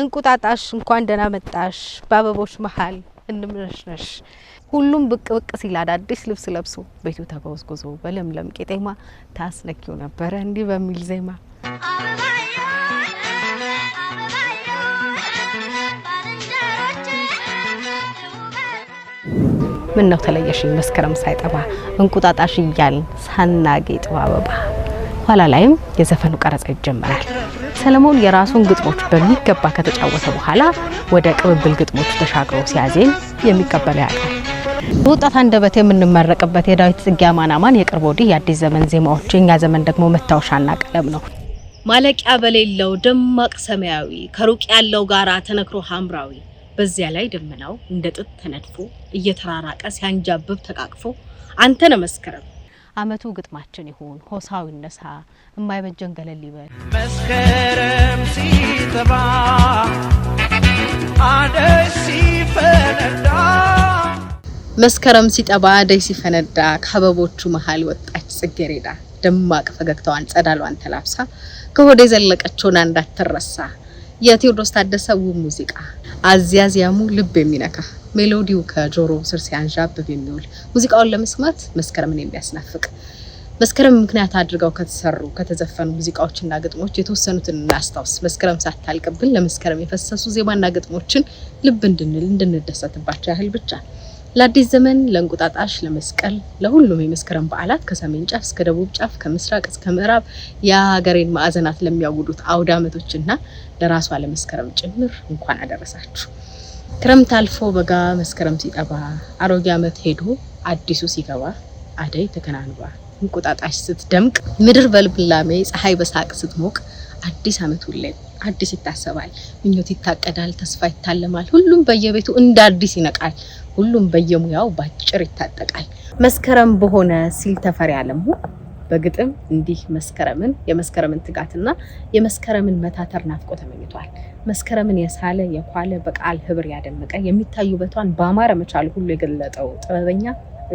እንቁጣጣሽ እንኳን ደህና መጣሽ፣ በአበቦች መሀል እንምረሽነሽ። ሁሉም ብቅ ብቅ ሲል አዳዲስ ልብስ ለብሶ ቤቱ ተጎዝጉዞ በለምለም ቄጤማ ታስነኪው ነበረ እንዲህ በሚል ዜማ ምን ነው ተለየሽኝ መስከረም ሳይጠባ እንቁጣጣሽ እያልን ሳናጌጥ አበባ ኋላ ላይም የዘፈኑ ቀረጻ ይጀመራል። ሰለሞን የራሱን ግጥሞች በሚገባ ከተጫወተ በኋላ ወደ ቅብብል ግጥሞች ተሻግሮ ሲያዜም የሚቀበለው ያውቃል። በወጣት አንደበት የምንመረቅበት የዳዊት ጽጌ አማን አማን የቅርብ ወዲህ የአዲስ ዘመን ዜማዎች፣ የእኛ ዘመን ደግሞ መታወሻና ቀለም ነው። ማለቂያ በሌለው ደማቅ ሰማያዊ ከሩቅ ያለው ጋራ ተነክሮ ሐምራዊ በዚያ ላይ ደመናው እንደ ጥጥ ተነድፎ እየተራራቀ ሲያንጃብብ ተቃቅፎ አንተነ መስከረም አመቱ ግጥማችን ይሁን ሆሳው ይነሳ የማይበጀን ገለል ይበል መስከረም ሲጠባ አደይ ሲፈነዳ መስከረም ሲጠባ አደይ ሲፈነዳ ከአበቦቹ መሀል ወጣች ጽጌሬዳ ደማቅ ፈገግታዋን ጸዳሏን ተላብሳ ከሆደ የዘለቀችውን አንዳትረሳ ትረሳ የቴዎድሮስ ታደሰ ውብ ሙዚቃ አዚያዚያሙ ልብ የሚነካ ሜሎዲው ከጆሮ ስር ሲያንዣብብ የሚውል ሙዚቃውን ለመስማት መስከረምን የሚያስናፍቅ መስከረም ምክንያት አድርገው ከተሰሩ ከተዘፈኑ ሙዚቃዎችና ግጥሞች የተወሰኑትን እናስታውስ። መስከረም ሳታልቅብን ለመስከረም የፈሰሱ ዜማና ግጥሞችን ልብ እንድንል እንድንደሰትባቸው ያህል ብቻ። ለአዲስ ዘመን፣ ለእንቁጣጣሽ፣ ለመስቀል፣ ለሁሉም የመስከረም በዓላት ከሰሜን ጫፍ እስከ ደቡብ ጫፍ ከምስራቅ እስከ ምዕራብ የሀገሬን ማዕዘናት ለሚያውዱት አውድ ዓመቶችና ለራሷ ለመስከረም ጭምር እንኳን አደረሳችሁ። ክረምት አልፎ በጋ መስከረም ሲጠባ አሮጌ ዓመት ሄዶ አዲሱ ሲገባ አደይ ተከናንባ እንቁጣጣሽ ስትደምቅ ምድር በልብላሜ ፀሐይ በሳቅ ስትሞቅ አዲስ ዓመት ሁሌም አዲስ ይታሰባል፣ ምኞት ይታቀዳል፣ ተስፋ ይታለማል። ሁሉም በየቤቱ እንደ አዲስ ይነቃል፣ ሁሉም በየሙያው ባጭር ይታጠቃል። መስከረም በሆነ ሲል ተፈሪ አለሙ በግጥም እንዲህ መስከረምን የመስከረምን ትጋትና የመስከረምን መታተር ናፍቆ ተመኝቷል። መስከረምን የሳለ የኳለ በቃል ህብር ያደመቀ የሚታዩ ውበቷን በአማረ መቻል ሁሉ የገለጠው ጥበበኛ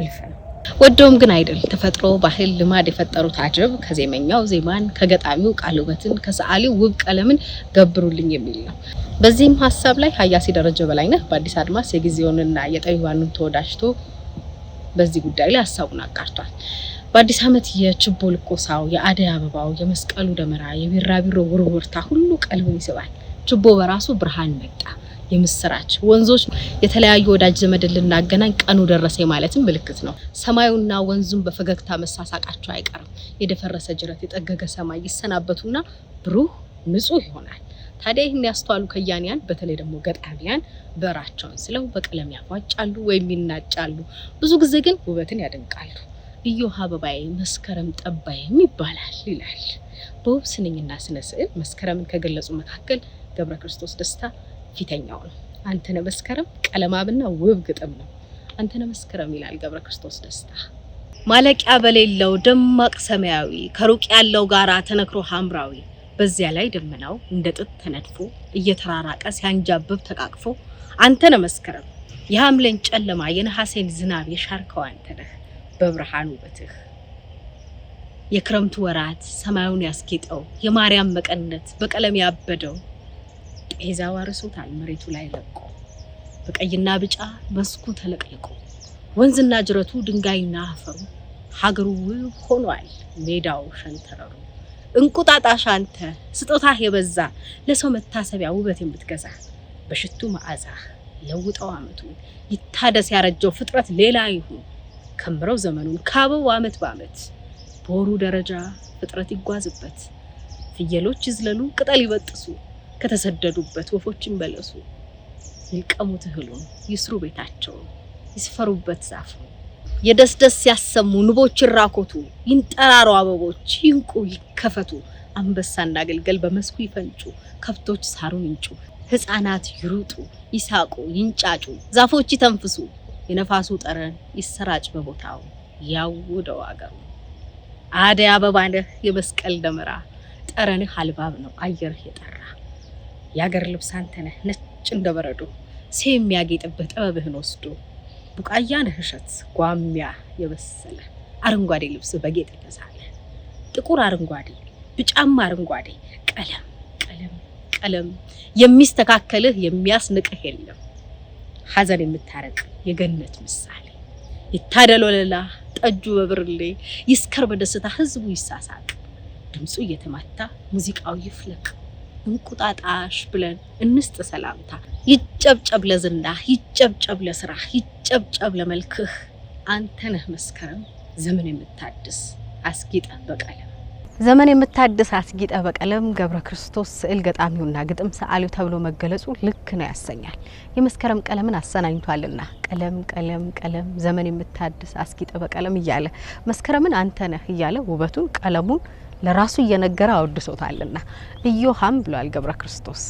እልፍ ነው። ወደውም ግን አይደል ተፈጥሮ፣ ባህል፣ ልማድ የፈጠሩት አጀብ ከዜመኛው ዜማን፣ ከገጣሚው ቃል ውበትን፣ ከሰዓሊው ውብ ቀለምን ገብሩልኝ የሚል ነው። በዚህም ሀሳብ ላይ ሀያሲ ደረጀ በላይነህ በአዲስ አድማስ የጊዜውንና የጠቢባኑን ተወዳጅቶ በዚህ ጉዳይ ላይ ሀሳቡን አጋርቷል። በአዲስ ዓመት የችቦ ልቆሳው፣ የአደይ አበባው፣ የመስቀሉ ደመራ፣ የቢራቢሮ ውርውርታ ሁሉ ቀልብን ይስባል። ችቦ በራሱ ብርሃን መጣ፣ የምስራች። ወንዞች የተለያዩ ወዳጅ ዘመድን ልናገናኝ ቀኑ ደረሰ ማለትም ምልክት ነው። ሰማዩና ወንዙም በፈገግታ መሳሳቃቸው አይቀርም። የደፈረሰ ጅረት፣ የጠገገ ሰማይ ይሰናበቱና ብሩህ ንጹህ ይሆናል። ታዲያ ይህን ያስተዋሉ ከያንያን በተለይ ደግሞ ገጣሚያን በራቸውን ስለው በቀለም ያፏጫሉ ወይም ይናጫሉ። ብዙ ጊዜ ግን ውበትን ያደንቃሉ። እዮሃ አበባዬ መስከረም ጠባዬም ይባላል ይላል። በውብ ስንኝና ስነ ስዕል መስከረምን ከገለጹ መካከል ገብረ ክርስቶስ ደስታ ፊተኛው ነው። አንተነህ መስከረም ቀለማብና ውብ ግጥም ነው። አንተነህ መስከረም ይላል ገብረ ክርስቶስ ደስታ። ማለቂያ በሌለው ደማቅ ሰማያዊ ከሩቅ ያለው ጋራ ተነክሮ ሐምራዊ በዚያ ላይ ደመናው እንደ ጥጥ ተነድፎ እየተራራቀ ሲያንጃብብ ተቃቅፎ ነ መስከረም የሐምሌን ጨለማ የነሐሴን ዝናብ የሻርከው አንተነህ በብርሃን ውበትህ የክረምቱ ወራት ሰማዩን ያስጌጠው የማርያም መቀነት በቀለም ያበደው ጤዛ አርሶታል። መሬቱ ላይ ለቆ በቀይና ቢጫ መስኩ ተለቅልቆ ወንዝና ጅረቱ ድንጋይና አፈሩ ሀገሩ ውብ ሆኗል ሜዳው ሸንተረሩ እንቁጣጣሽ አንተ ስጦታህ የበዛ ለሰው መታሰቢያ ውበት የምትገዛ በሽቱ መዓዛ ለውጠው ዓመቱን ይታደስ ያረጀው ፍጥረት ሌላ ይሁን። ከምረው ዘመኑን ካብው አመት በአመት በወሩ ደረጃ ፍጥረት ይጓዝበት፣ ፍየሎች ይዝለሉ፣ ቅጠል ይበጥሱ፣ ከተሰደዱበት ወፎች ይንበለሱ፣ ይቀሙት እህሉን፣ ይስሩ ቤታቸውን፣ ይስፈሩበት ዛፉን፣ የደስደስ ያሰሙ ንቦች ይራኮቱ፣ ይንጠራሩ አበቦች፣ ይንቁ ይከፈቱ፣ አንበሳ እንዳገልገል በመስኩ ይፈንጩ፣ ከብቶች ሳሩን ይንጩ፣ ህፃናት ይሩጡ፣ ይሳቁ፣ ይንጫጩ፣ ዛፎች ይተንፍሱ። የነፋሱ ጠረን ይሰራጭ በቦታው ያውደው አገሩ። አደይ አበባ ነህ የመስቀል ደመራ፣ ጠረንህ አልባብ ነው አየርህ የጠራ። የአገር ልብስ አንተ ነህ ነጭ እንደ በረዶ፣ ሴ የሚያጌጥብህ ጥበብህን ወስዶ። ቡቃያ ነህ እሸት ጓሚያ የበሰለ፣ አረንጓዴ ልብስ በጌጥ የተሳለ። ጥቁር አረንጓዴ፣ ብጫማ አረንጓዴ፣ ቀለም ቀለም ቀለም የሚስተካከልህ የሚያስንቅህ የለም። ሀዘን የምታረቅ የገነት ምሳሌ ይታደል ወለላ ጠጁ በብርሌ ይስከር በደስታ ህዝቡ ይሳሳቅ ድምፁ እየተማታ ሙዚቃው ይፍለቅ እንቁጣጣሽ ብለን እንስጥ ሰላምታ ይጨብጨብ ለዝና ይጨብጨብ ለስራ፣ ይጨብጨብ ለመልክህ አንተ መስከረም ዘመን የምታድስ አስጌጠን በቀለም ዘመን የምታድስ አስጊ ጠበቀለም ገብረ ክርስቶስ ስዕል ገጣሚውና ግጥም ሰዓሊው ተብሎ መገለጹ ልክ ነው ያሰኛል። የመስከረም ቀለምን አሰናኝቷልና ቀለም ቀለም ቀለም ዘመን የምታድስ አስጊ ጠበቀለም እያለ መስከረምን አንተ ነህ እያለ ውበቱን ቀለሙን ለራሱ እየነገረ አወድሶታልና እዮሃም ብሏል ገብረ ክርስቶስ።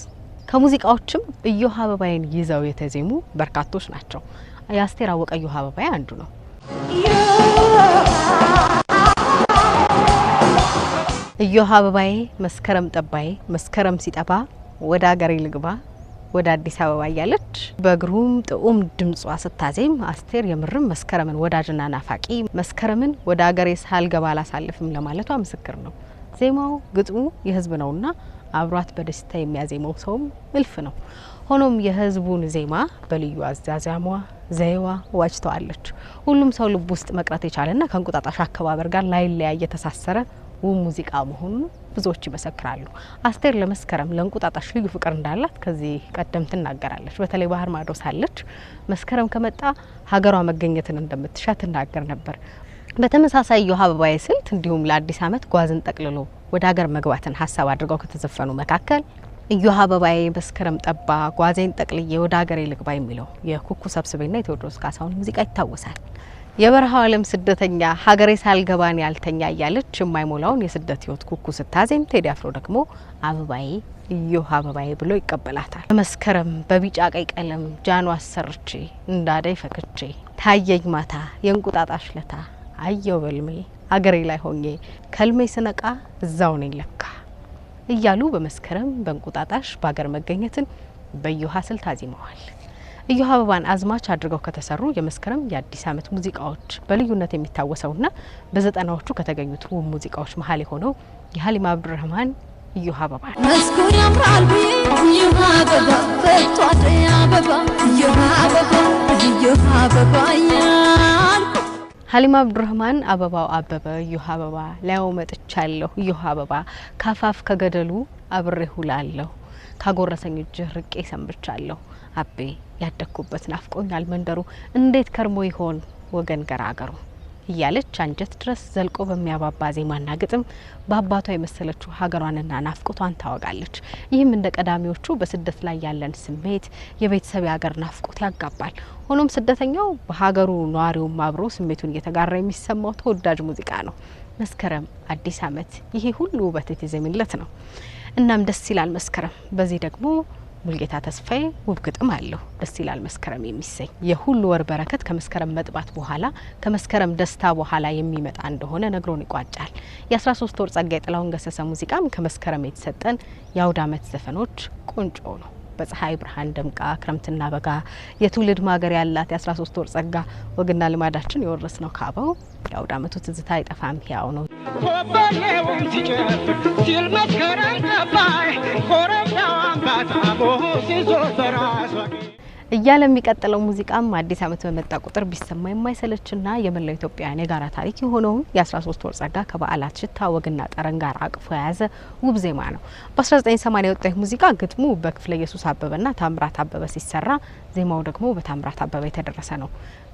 ከሙዚቃዎችም እዮሃ አበባይን ይዘው የተዜሙ በርካቶች ናቸው። የአስቴር አወቀ እዮሃ አበባይ አንዱ ነው። እዮሃ አበባዬ መስከረም ጠባዬ መስከረም ሲጠባ ወደ አገሬ ልግባ ወደ አዲስ አበባ እያለች በግሩም ጥዑም ድምጿ ስታዜም አስቴር የምርም መስከረምን ወዳጅና ናፋቂ መስከረምን ወደ አገሬ ሳልገባ አላሳልፍም ለማለቷ ምስክር ነው። ዜማው ግጥሙ የህዝብ ነውና አብሯት በደስታ የሚያዜመው ሰውም እልፍ ነው። ሆኖም የህዝቡን ዜማ በልዩ አዛዛሟ ዘይዋ ዋጅተዋለች። ሁሉም ሰው ልብ ውስጥ መቅረት የቻለና ከእንቁጣጣሽ አከባበር ጋር ላይለያይ የተሳሰረ ውብ ሙዚቃ መሆኑን ብዙዎች ይመሰክራሉ። አስቴር ለመስከረም ለእንቁጣጣሽ ልዩ ፍቅር እንዳላት ከዚህ ቀደም ትናገራለች። በተለይ ባህር ማዶ ሳለች መስከረም ከመጣ ሀገሯ መገኘትን እንደምትሻ ትናገር ነበር። በተመሳሳይ የውሃ አበባዬ ስልት እንዲሁም ለአዲስ ዓመት ጓዝን ጠቅልሎ ወደ ሀገር መግባትን ሀሳብ አድርገው ከተዘፈኑ መካከል እዮሃ አበባዬ መስከረም ጠባ፣ ጓዜን ጠቅልዬ ወደ ሀገሬ ልግባ የሚለው የኩኩ ሰብስቤና የቴዎድሮስ ካሳሁን ሙዚቃ ይታወሳል። የበረሃ ዓለም ስደተኛ ሀገሬ ሳልገባን ያልተኛ እያለች የማይሞላውን የስደት ህይወት ኩኩ ስታዜም ቴዲ አፍሮ ደግሞ አበባዬ እዮህ አበባዬ ብሎ ይቀበላታል። በመስከረም በቢጫ ቀይ ቀለም ጃኗ አሰርቼ እንዳዳይ ፈክቼ ታየኝ ማታ የእንቁጣጣሽ ለታ አየው በልሜ አገሬ ላይ ሆኜ ከልሜ ስነቃ እዛው ነኝ ለካ እያሉ በመስከረም በእንቁጣጣሽ በሀገር መገኘትን በእዮሃ ስልት አዜመዋል። እዮሃ አበባን አዝማች አድርገው ከተሰሩ የመስከረም የአዲስ ዓመት ሙዚቃዎች በልዩነት የሚታወሰውና በዘጠናዎቹ ከተገኙት ውብ ሙዚቃዎች መሀል የሆነው የሀሊም አብዱረህማን እዮሃ አበባ መስኩን ያምራል አበባ አበባ አበባ አበባ አብዱረህማን አበባው አበበ እዮሃ አበባ ላያው መጥቻለሁ እዮሃ አበባ ካፋፍ ከገደሉ አብሬ ላለሁ ካጎረሰኝ እጅህ ርቄ ሰንብቻለሁ አቤ ያደግኩበት ናፍቆኛል መንደሩ እንዴት ከርሞ ይሆን ወገን አገሩ እያለች አንጀት ድረስ ዘልቆ በሚያባባ ዜማና ግጥም በአባቷ የመሰለችው ሀገሯንና ናፍቆቷን ታወጋለች። ይህም እንደ ቀዳሚዎቹ በስደት ላይ ያለን ስሜት የቤተሰብ የሀገር ናፍቆት ያጋባል። ሆኖም ስደተኛው በሀገሩ ነዋሪውም አብሮ ስሜቱን እየተጋራ የሚሰማው ተወዳጅ ሙዚቃ ነው። መስከረም አዲስ አመት ይሄ ሁሉ ውበት የተዘሚለት ነው። እናም ደስ ይላል መስከረም። በዚህ ደግሞ ሙልጌታ ተስፋዬ ውብ ግጥም አለው። ደስ ይላል መስከረም የሚሰኝ የሁሉ ወር በረከት ከመስከረም መጥባት በኋላ ከመስከረም ደስታ በኋላ የሚመጣ እንደሆነ ነግሮን ይቋጫል። የ13 ወር ጸጋ የጥላሁን ገሰሰ ሙዚቃም ከመስከረም የተሰጠን የአውድ አመት ዘፈኖች ቁንጮ ነው። በፀሐይ ብርሃን ደምቃ ክረምትና በጋ የትውልድ ማገር ያላት የ13 ወር ጸጋ ወግና ልማዳችን የወረስ ነው ካበው የአውድ አመቱ ትዝታ አይጠፋም ያው ነው ሲጨፍር ሲል መስከረም ገባይ ኮረብታዋን ባታቦ እያለ የሚቀጥለው ሙዚቃም አዲስ ዓመት በመጣ ቁጥር ቢሰማ የማይሰለችና የመላው ኢትዮጵያውያን የጋራ ታሪክ የሆነውን የ13 ወር ጸጋ ከበዓላት ሽታ ወግና ጠረን ጋር አቅፎ የያዘ ውብ ዜማ ነው። በ1980 የወጣ ሙዚቃ ግጥሙ በክፍለ ኢየሱስ አበበና ታምራት አበበ ሲሰራ ዜማው ደግሞ በታምራት አበበ የተደረሰ ነው።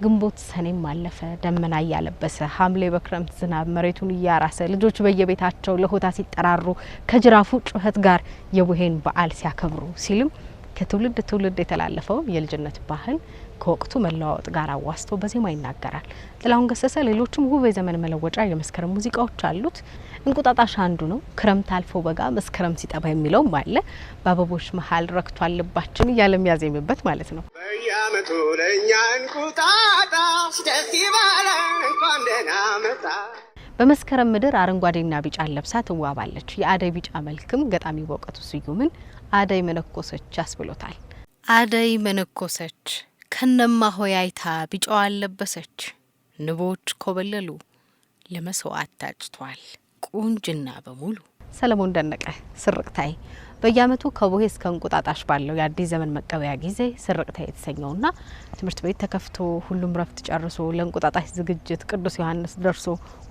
ግንቦት ሰኔም አለፈ ደመና እያለበሰ፣ ሐምሌ በክረምት ዝናብ መሬቱን እያራሰ፣ ልጆች በየቤታቸው ለሆታ ሲጠራሩ ከጅራፉ ጩኸት ጋር የቡሄን በዓል ሲያከብሩ ሲልም ከትውልድ ትውልድ የተላለፈው የልጅነት ባህል ከወቅቱ መለዋወጥ ጋር አዋስቶ በዜማ ይናገራል ጥላሁን ገሰሰ። ሌሎችም ውብ የዘመን መለወጫ የመስከረም ሙዚቃዎች አሉት። እንቁጣጣሽ አንዱ ነው። ክረምት አልፎ በጋ መስከረም ሲጠባ የሚለውም አለ። በአበቦች መሀል ረክቷል ልባችን እያለ የሚያዜምበት ማለት ነው። በየአመቱ ለእኛ እንቁጣጣሽ ደስ ይበለን እንኳን ደህና መጣ በመስከረም ምድር አረንጓዴና ቢጫ ለብሳ ትዋባለች። የአደይ ቢጫ መልክም ገጣሚ በእውቀቱ ስዩምን አደይ መነኮሰች አስብሎታል። አደይ መነኮሰች ከነማ ሆያይታ ቢጫዋ ለበሰች፣ ንቦች ኮበለሉ፣ ለመስዋዕት ታጭቷል ቁንጅና በሙሉ። ሰለሞን ደነቀ ስርቅታይ በየአመቱ ከቡሄ እስከ እንቁጣጣሽ ባለው የአዲስ ዘመን መቀበያ ጊዜ ስርቅታ የተሰኘውና ትምህርት ቤት ተከፍቶ ሁሉም ረፍት ጨርሶ ለእንቁጣጣሽ ዝግጅት ቅዱስ ዮሐንስ ደርሶ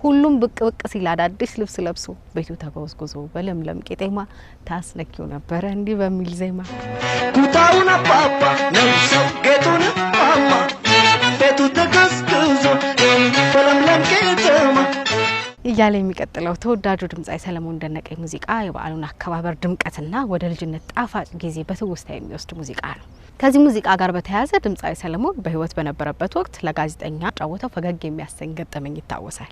ሁሉም ብቅ ብቅ ሲል አዳዲስ ልብስ ለብሶ ቤቱ ተጎዝጉዞ በለምለም ቄጤማ ታስነኪው ነበረ እንዲህ በሚል ዜማ ቁጣውን አባባ ነው ሰው ጌጡን አባ ቤቱ ተከ እያለ የሚቀጥለው ተወዳጁ ድምጻዊ ሰለሞን ደነቀ ሙዚቃ የበዓሉን አከባበር ድምቀትና ወደ ልጅነት ጣፋጭ ጊዜ በትውስታ የሚወስድ ሙዚቃ ነው። ከዚህ ሙዚቃ ጋር በተያያዘ ድምጻዊ ሰለሞን በህይወት በነበረበት ወቅት ለጋዜጠኛ ጫወተው ፈገግ የሚያሰኝ ገጠመኝ ይታወሳል።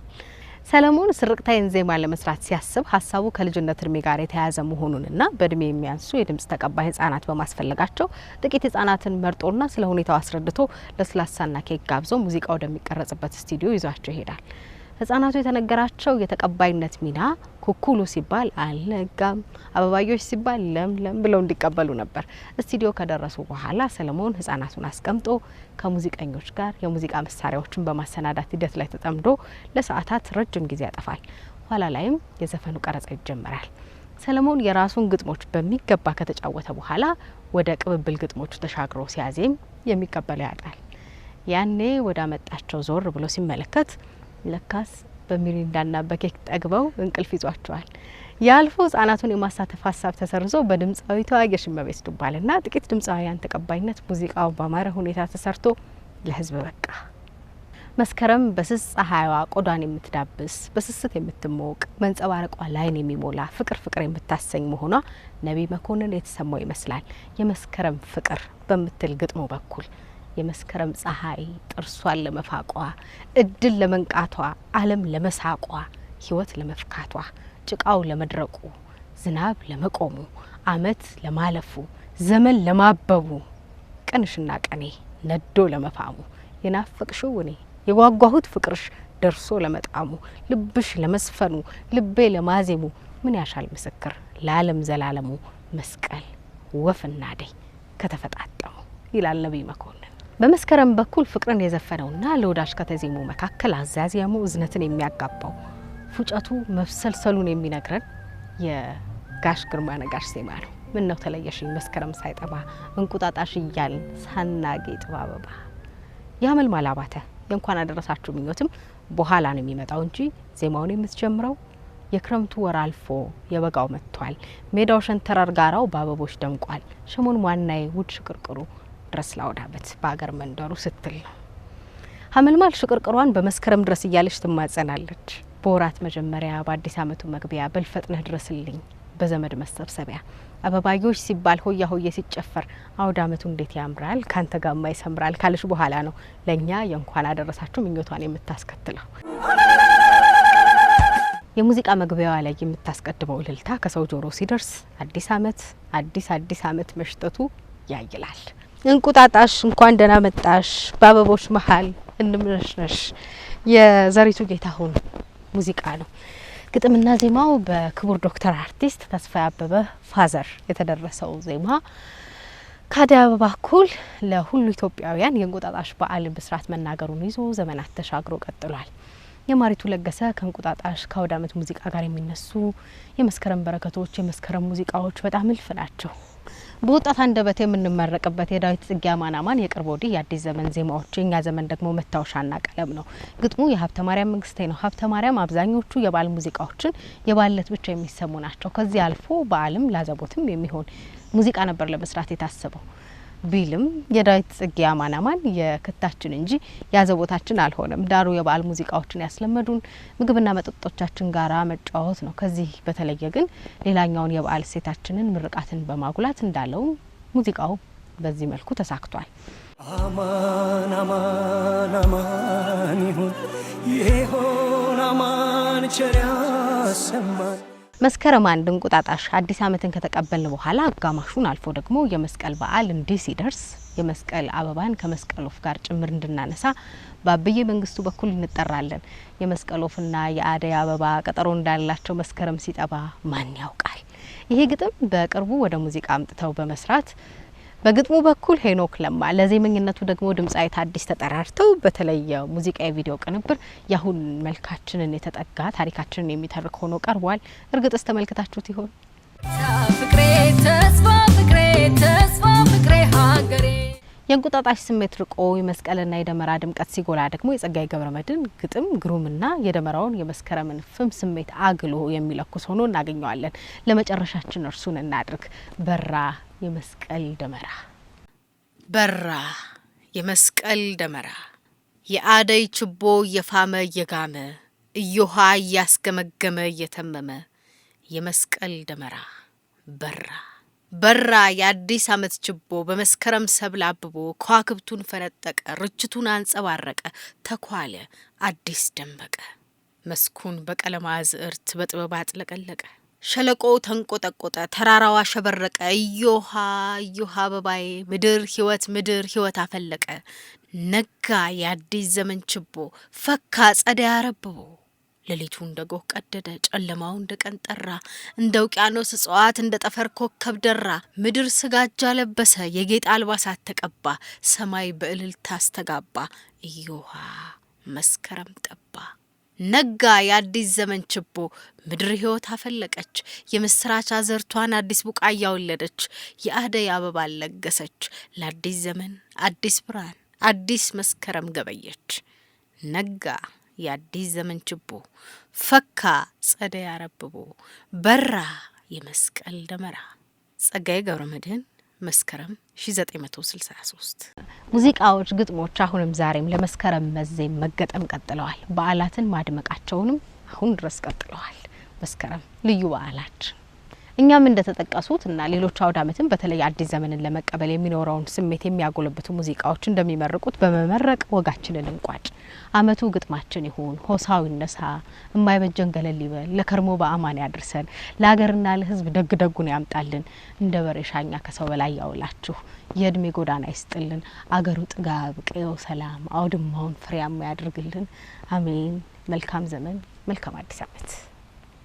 ሰለሞን ስርቅታይን ዜማ ለመስራት ሲያስብ ሀሳቡ ከልጅነት እድሜ ጋር የተያያዘ መሆኑንና በእድሜ የሚያንሱ የድምፅ ተቀባይ ህጻናት በማስፈለጋቸው ጥቂት ህጻናትን መርጦና ስለ ሁኔታው አስረድቶ ለስላሳና ኬክ ጋብዞ ሙዚቃ ወደሚቀረጽበት ስቱዲዮ ይዟቸው ይሄዳል። ህጻናቱ የተነገራቸው የተቀባይነት ሚና ኩኩሉ ሲባል አልነጋም፣ አበባዮች ሲባል ለምለም ብለው እንዲቀበሉ ነበር። ስቱዲዮ ከደረሱ በኋላ ሰለሞን ህጻናቱን አስቀምጦ ከሙዚቀኞች ጋር የሙዚቃ መሳሪያዎችን በማሰናዳት ሂደት ላይ ተጠምዶ ለሰዓታት ረጅም ጊዜ ያጠፋል። ኋላ ላይም የዘፈኑ ቀረጻ ይጀመራል። ሰለሞን የራሱን ግጥሞች በሚገባ ከተጫወተ በኋላ ወደ ቅብብል ግጥሞቹ ተሻግሮ ሲያዜም የሚቀበለው ያጣል። ያኔ ወደ ዞር ብሎ ሲመለከት ለካስ በሚሪንዳና በኬክ ጠግበው እንቅልፍ ይዟቸዋል። የአልፎ ህጻናቱን የማሳተፍ ሀሳብ ተሰርዞ በድምፃዊቷ የሽመቤት ዱባለና ጥቂት ድምፃዊያን ተቀባይነት ሙዚቃው በማረ ሁኔታ ተሰርቶ ለህዝብ በቃ። መስከረም በስስ ፀሐይዋ ቆዳን የምትዳብስ በስስት የምትሞቅ መንጸባረቋ ላይን የሚሞላ ፍቅር ፍቅር የምታሰኝ መሆኗ ነቢይ መኮንን የተሰማው ይመስላል። የመስከረም ፍቅር በምትል ግጥሙ በኩል የመስከረም ፀሐይ ጥርሷን ለመፋቋ እድል ለመንቃቷ ዓለም ለመሳቋ ህይወት ለመፍካቷ ጭቃው ለመድረቁ ዝናብ ለመቆሙ አመት ለማለፉ ዘመን ለማበቡ ቀንሽና ቀኔ ነዶ ለመፋሙ የናፈቅሽው እኔ የጓጓሁት ፍቅርሽ ደርሶ ለመጣሙ ልብሽ ለመስፈኑ ልቤ ለማዜሙ ምን ያሻል ምስክር ለዓለም ዘላለሙ መስቀል ወፍና አደይ ከተፈጣጠሙ ይላል ነቢይ መኮንን። በመስከረም በኩል ፍቅርን የዘፈነውና ለወዳሽ ከተዜሙ መካከል አዛዚያሙ እዝነትን የሚያጋባው ፉጨቱ መብሰልሰሉን የሚነግረን የጋሽ ግርማ ነጋሽ ዜማ ነው። ምን ነው ተለየሽኝ መስከረም ሳይጠባ እንቁጣጣሽ እያልን ሳናጌጥ ባበባ ያመል ማላባተ የእንኳን አደረሳችሁ ምኞትም በኋላ ነው የሚመጣው እንጂ ዜማውን የምትጀምረው የክረምቱ ወር አልፎ የበጋው መጥቷል፣ ሜዳው ሸንተረር ጋራው በአበቦች ደምቋል፣ ሸሞን ዋናዬ ውድ ሽቅርቅሩ ድረስ ላውዳበት በሀገር መንደሩ ስትል ነው። ሀመልማል ሽቅርቅሯን በመስከረም ድረስ እያለች ትማጸናለች። በወራት መጀመሪያ፣ በአዲስ ዓመቱ መግቢያ በልፈጥነህ ድረስልኝ፣ በዘመድ መሰብሰቢያ አበባዮች ሲባል ሆያ ሆየ ሲጨፈር አውደ ዓመቱ እንዴት ያምራል ካንተ ጋማ ይሰምራል ካለች በኋላ ነው ለእኛ የእንኳን አደረሳችሁ ምኞቷን የምታስከትለው። የሙዚቃ መግቢያዋ ላይ የምታስቀድመው እልልታ ከሰው ጆሮ ሲደርስ አዲስ ዓመት አዲስ አዲስ ዓመት መሽጠቱ ያይላል። እንቁጣጣሽ እንኳን ደህና መጣሽ፣ በአበቦች መሀል እንምነሽነሽ የዘሪቱ ጌታሁን ሙዚቃ ነው። ግጥምና ዜማው በክቡር ዶክተር አርቲስት ተስፋዬ አበበ ፋዘር የተደረሰው ዜማ ከአደይ አበባ እኩል ለሁሉ ኢትዮጵያውያን የእንቁጣጣሽ በዓል ብስራት መናገሩን ይዞ ዘመናት ተሻግሮ ቀጥሏል። የማሪቱ ለገሰ ከእንቁጣጣሽ ከአውደ ዓመት ሙዚቃ ጋር የሚነሱ የመስከረም በረከቶች፣ የመስከረም ሙዚቃዎች በጣም እልፍ ናቸው። በወጣት አንደበት የምንመረቅበት የዳዊት ጽጌ አማን አማን የቅርብ ወዲህ የአዲስ ዘመን ዜማዎች እኛ ዘመን ደግሞ መታወሻና ቀለም ነው። ግጥሙ የሀብተ ማርያም መንግስቴ ነው። ሀብተ ማርያም አብዛኞቹ የበዓል ሙዚቃዎችን የባለት ብቻ የሚሰሙ ናቸው። ከዚህ አልፎ በዓልም ላዘቦትም የሚሆን ሙዚቃ ነበር ለመስራት የታሰበው። ቢልም የዳዊት ጽጌ አማናማን የክታችን እንጂ ያዘ ቦታችን አልሆነም። ዳሩ የበዓል ሙዚቃዎችን ያስለመዱን ምግብና መጠጦቻችን ጋራ መጫወት ነው። ከዚህ በተለየ ግን ሌላኛውን የበዓል እሴታችንን ምርቃትን በማጉላት እንዳለው ሙዚቃው በዚህ መልኩ ተሳክቷል። አማን አማን አማን ይሁን ሆን አማን ቸር ያሰማን መስከረም አንድ እንቁጣጣሽ አዲስ አመትን ከተቀበልን በኋላ አጋማሹን አልፎ ደግሞ የመስቀል በዓል እንዲህ ሲደርስ የመስቀል አበባን ከመስቀል ወፍ ጋር ጭምር እንድናነሳ በአብዬ መንግስቱ በኩል እንጠራለን። የመስቀል ወፍና የአደይ አበባ ቀጠሮ እንዳላቸው መስከረም ሲጠባ ማን ያውቃል። ይሄ ግጥም በቅርቡ ወደ ሙዚቃ አምጥተው በመስራት በግጥሙ በኩል ሄኖክ ለማ፣ ለዜመኝነቱ ደግሞ ድምፃዊት አዲስ ተጠራርተው በተለየ ሙዚቃ የቪዲዮ ቅንብር የአሁን መልካችንን የተጠጋ ታሪካችንን የሚተርክ ሆኖ ቀርቧል። እርግጥስ ተመልክታችሁት ይሆን? ፍቅሬ ተስፋ ፍቅሬ ተስፋ ፍቅሬ የእንቁጣጣሽ ስሜት ርቆ የመስቀልና የደመራ ድምቀት ሲጎላ ደግሞ የጸጋዬ መድን ግጥም ግሩምና የደመራውን የመስከረምን ፍም ስሜት አግሎ የሚለኩስ ሆኖ እናገኘዋለን። ለመጨረሻችን እርሱን እናድርግ። በራ የመስቀል ደመራ በራ የመስቀል ደመራ የአደይ ችቦ እየፋመ እየጋመ እየውሃ እያስገመገመ እየተመመ የመስቀል ደመራ በራ በራ የአዲስ ዓመት ችቦ በመስከረም ሰብል አብቦ ከዋክብቱን ፈነጠቀ፣ ርችቱን አንጸባረቀ፣ ተኳለ አዲስ ደመቀ፣ መስኩን በቀለም አዝዕርት በጥበብ አጥለቀለቀ። ሸለቆው ተንቆጠቆጠ፣ ተራራው አሸበረቀ። እዮሃ እዮሃ አበባዬ ምድር ህይወት ምድር ህይወት አፈለቀ። ነጋ የአዲስ ዘመን ችቦ ፈካ ጸደይ አረብቦ ሌሊቱ እንደ ጎህ ቀደደ፣ ጨለማው እንደ ቀን ጠራ፣ እንደ ውቅያኖስ እጽዋት እንደ ጠፈር ኮከብ ደራ። ምድር ስጋጃ ለበሰ፣ የጌጥ አልባሳት ተቀባ፣ ሰማይ በእልልታ አስተጋባ። እዮሃ መስከረም ጠባ፣ ነጋ የአዲስ ዘመን ችቦ። ምድር ሕይወት አፈለቀች፣ የምስራች አዘርቷን አዲስ ቡቃያ ወለደች፣ የአደይ አበባ ለገሰች፣ ለአዲስ ዘመን አዲስ ብርሃን አዲስ መስከረም ገበየች። ነጋ የአዲስ ዘመን ችቦ ፈካ ጸደይ አረብቦ በራ የመስቀል ደመራ። ጸጋዬ ገብረ መድህን መስከረም 1963 ሙዚቃዎች፣ ግጥሞች አሁንም ዛሬም ለመስከረም መዜም መገጠም ቀጥለዋል። በዓላትን ማድመቃቸውንም አሁን ድረስ ቀጥለዋል። መስከረም ልዩ በዓላችን እኛም እንደተጠቀሱት እና ሌሎች አውድ አመትም በተለይ አዲስ ዘመንን ለመቀበል የሚኖረውን ስሜት የሚያጎለብቱ ሙዚቃዎች እንደሚመርቁት በመመረቅ ወጋችንን እንቋጭ። አመቱ ግጥማችን ይሁን፣ ሆሳው ይነሳ፣ የማይበጀን ገለል ይበል፣ ለከርሞ በአማን ያድርሰን፣ ለሀገርና ለህዝብ ደግ ደጉን ያምጣልን፣ እንደ በሬ ሻኛ ከሰው በላይ ያውላችሁ፣ የእድሜ ጎዳና ይስጥልን፣ አገሩ ጥጋብ፣ ቀየው ሰላም፣ አውድማውን ፍሬያማ ያድርግልን። አሜን። መልካም ዘመን፣ መልካም አዲስ አመት።